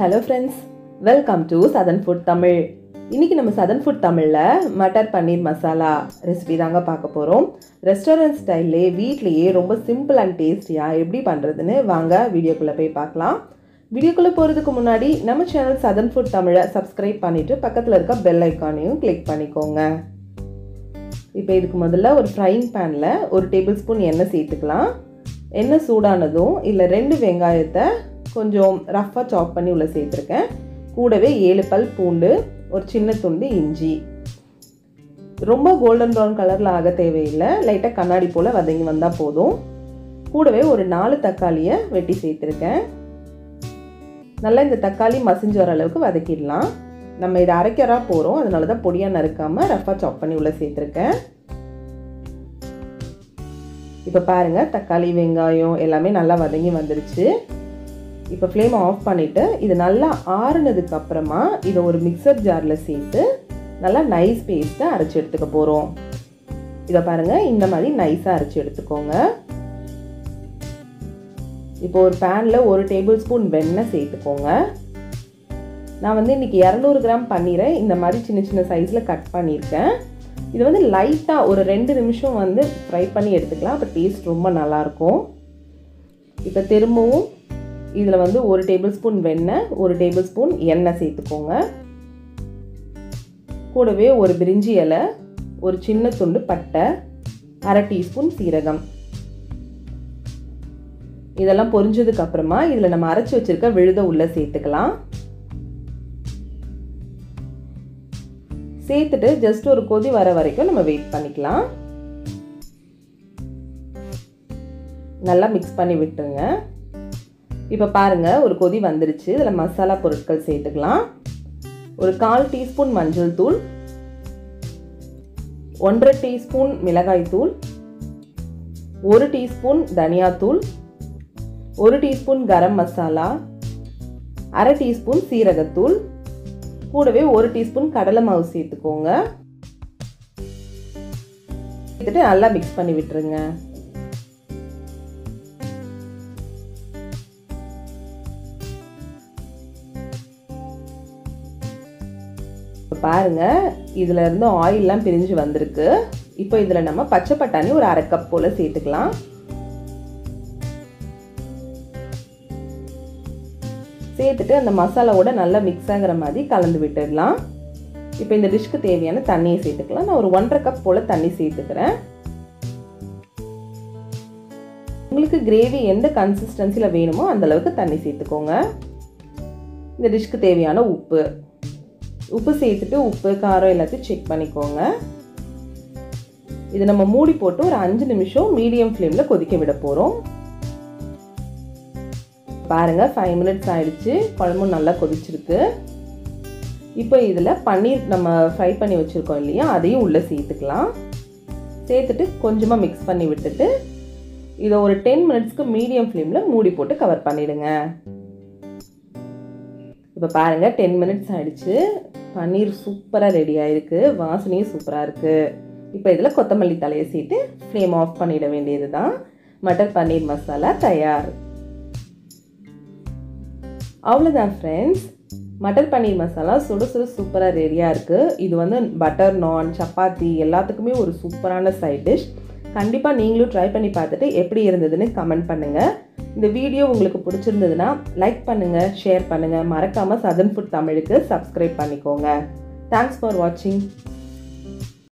hello friends welcome to southern food Tamil இன்றைக்கி நம்ம southern food தமிழில் மட்டர் பன்னீர் மசாலா ரெசிபி தாங்க பார்க்க போகிறோம் ரெஸ்டாரண்ட் ஸ்டைல்லே வீட்லேயே ரொம்ப சிம்பிள் அண்ட் டேஸ்டியாக எப்படி பண்ணுறதுன்னு வாங்க வீடியோக்குள்ளே போய் பார்க்கலாம் வீடியோக்குள்ளே போகிறதுக்கு முன்னாடி நம்ம சேனல் சதன் ஃபுட் தமிழை சப்ஸ்கிரைப் பண்ணிவிட்டு பக்கத்தில் இருக்க பெல் ஐக்கானையும் கிளிக் பண்ணிக்கோங்க இப்போ இதுக்கு முதல்ல ஒரு ஃப்ரைங் பேனில் ஒரு டேபிள் ஸ்பூன் எண்ணெய் சேர்த்துக்கலாம் எண்ணெய் சூடானதும் இல்லை ரெண்டு வெங்காயத்தை கொஞ்சம் ரஃப்பாக சாப் பண்ணி உள்ளே சேர்த்துருக்கேன் கூடவே ஏழு பல் பூண்டு ஒரு சின்ன துண்டு இஞ்சி ரொம்ப கோல்டன் ப்ரௌன் கலரில் ஆக தேவையில்லை லைட்டாக கண்ணாடி போல் வதங்கி வந்தால் போதும் கூடவே ஒரு நாலு தக்காளியை வெட்டி சேர்த்துருக்கேன் நல்லா இந்த தக்காளி மசிஞ்சு வர அளவுக்கு வதக்கிடலாம் நம்ம இதை அரைக்கராக போகிறோம் அதனால தான் பொடியாக நறுக்காமல் ரஃபாக சாப் பண்ணி உள்ளே சேர்த்துருக்கேன் இப்போ பாருங்கள் தக்காளி வெங்காயம் எல்லாமே நல்லா வதங்கி வந்துருச்சு இப்போ ஃப்ளேம் ஆஃப் பண்ணிவிட்டு இது நல்லா ஆறுனதுக்கு அப்புறமா இதை ஒரு மிக்சர் ஜாரில் சேர்த்து நல்லா நைஸ் பேஸ்ட்டை அரைச்சி எடுத்துக்க போகிறோம் இதை பாருங்கள் இந்த மாதிரி நைஸாக அரைச்சி எடுத்துக்கோங்க இப்போ ஒரு பேனில் ஒரு டேபிள் ஸ்பூன் வெண்ணெய் சேர்த்துக்கோங்க நான் வந்து இன்றைக்கி இரநூறு கிராம் பன்னீரை இந்த மாதிரி சின்ன சின்ன சைஸில் கட் பண்ணியிருக்கேன் இது வந்து லைட்டாக ஒரு ரெண்டு நிமிஷம் வந்து ஃப்ரை பண்ணி எடுத்துக்கலாம் அப்போ டேஸ்ட் ரொம்ப நல்லாயிருக்கும் இப்போ திரும்பவும் இதில் வந்து ஒரு டேபிள் ஸ்பூன் வெண்ணெய் ஒரு டேபிள் ஸ்பூன் எண்ணெய் சேர்த்துக்கோங்க கூடவே ஒரு பிரிஞ்சி இலை ஒரு சின்ன துண்டு பட்டை அரை டீஸ்பூன் சீரகம் இதெல்லாம் பொறிஞ்சதுக்கு அப்புறமா இதில் நம்ம அரைச்சி வச்சிருக்க விழுத உள்ளே சேர்த்துக்கலாம் சேர்த்துட்டு ஜஸ்ட் ஒரு கொதி வர வரைக்கும் நம்ம வெயிட் பண்ணிக்கலாம் நல்லா மிக்ஸ் பண்ணி விட்டுருங்க இப்போ பாருங்கள் ஒரு கொதி வந்துருச்சு இதில் மசாலா பொருட்கள் சேர்த்துக்கலாம் ஒரு கால் டீஸ்பூன் மஞ்சள் தூள் ஒன்றரை டீஸ்பூன் மிளகாய் தூள் ஒரு டீஸ்பூன் தனியாத்தூள் ஒரு டீஸ்பூன் கரம் மசாலா அரை டீஸ்பூன் சீரகத்தூள் கூடவே ஒரு டீஸ்பூன் கடலை மாவு சேர்த்துக்கோங்க நல்லா மிக்ஸ் பண்ணி விட்டுருங்க பாருங்கள் இதில் இருந்து ஆயிலெலாம் பிரிஞ்சு வந்திருக்கு இப்போ இதில் நம்ம பச்சை பட்டாணி ஒரு அரை கப் போல் சேர்த்துக்கலாம் சேர்த்துட்டு அந்த மசாலாவோட நல்லா மிக்ஸ் ஆகிற மாதிரி கலந்து விட்டுடலாம் இப்போ இந்த டிஷ்க்கு தேவையான தண்ணியை சேர்த்துக்கலாம் நான் ஒரு ஒன்றரை கப் போல் தண்ணி சேர்த்துக்கிறேன் உங்களுக்கு கிரேவி எந்த கன்சிஸ்டன்சியில் வேணுமோ அந்தளவுக்கு தண்ணி சேர்த்துக்கோங்க இந்த டிஷ்க்கு தேவையான உப்பு உப்பு சேர்த்துட்டு உப்பு காரம் எல்லாத்தையும் செக் பண்ணிக்கோங்க இதை நம்ம மூடி போட்டு ஒரு அஞ்சு நிமிஷம் மீடியம் ஃப்ளேமில் கொதிக்க விட போகிறோம் பாருங்க ஃபைவ் மினிட்ஸ் ஆயிடுச்சு குழம்பும் நல்லா கொதிச்சிருக்கு இப்போ இதில் பன்னீர் நம்ம ஃப்ரை பண்ணி வச்சுருக்கோம் இல்லையா அதையும் உள்ளே சேர்த்துக்கலாம் சேர்த்துட்டு கொஞ்சமாக மிக்ஸ் பண்ணி விட்டுட்டு இதை ஒரு டென் மினிட்ஸ்க்கு மீடியம் ஃப்ளேமில் மூடி போட்டு கவர் பண்ணிவிடுங்க இப்போ பாருங்கள் டென் மினிட்ஸ் ஆகிடுச்சு பன்னீர் சூப்பராக ரெடி ஆகிருக்கு வாசனையும் சூப்பராக இருக்குது இப்போ இதில் கொத்தமல்லி தலையை சீட்டு ஃப்ளேம் ஆஃப் பண்ணிட வேண்டியது தான் மட்டர் பன்னீர் மசாலா தயார் அவ்வளோதான் ஃப்ரெண்ட்ஸ் மட்டர் பன்னீர் மசாலா சுடு சுடு சூப்பராக ரெடியாக இருக்குது இது வந்து பட்டர் நான் சப்பாத்தி எல்லாத்துக்குமே ஒரு சூப்பரான சைட் டிஷ் கண்டிப்பாக நீங்களும் ட்ரை பண்ணி பார்த்துட்டு எப்படி இருந்ததுன்னு கமெண்ட் பண்ணுங்கள் இந்த வீடியோ உங்களுக்கு பிடிச்சிருந்ததுன்னா லைக் பண்ணுங்கள் ஷேர் பண்ணுங்கள் மறக்காமல் சதன் ஃபுட் தமிழுக்கு சப்ஸ்கிரைப் பண்ணிக்கோங்க தேங்க்ஸ் ஃபார் வாட்சிங்